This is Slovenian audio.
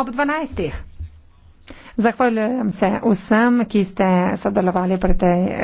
ob 12. Zahvaljujem se vsem, ki ste sodelovali pri tej.